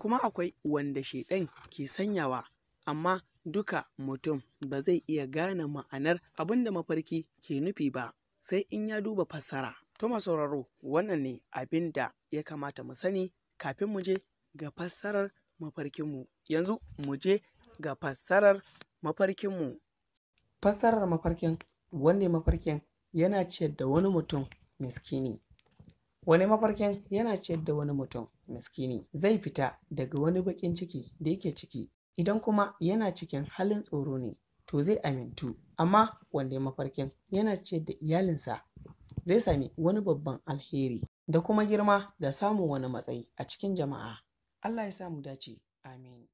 kuma akwai wanda shaiɗan ke sanyawa amma duka mutum ba zai iya gane ma'anar abin da mafarki ke nufi ba sai in ya duba fassara. Tuma sauraro wannan ne abin da ya kamata mu sani kafin mu je ga fassarar mafarkinmu. Yanzu mu je ga fassarar mafarkinmu. Fassarar mafarkin wanne mafarkin yana ce da wani mutum miskini wani mafarkin yana ciyar da wani mutum miskini zai fita daga wani baƙin ciki da yake ciki idan kuma yana cikin halin tsoro ne to zai amintu amma wanda mafarkin yana ciyar da iyalinsa zai sami wani babban alheri da kuma girma da samun wani matsayi a cikin jama'a Allah ya samu dace amin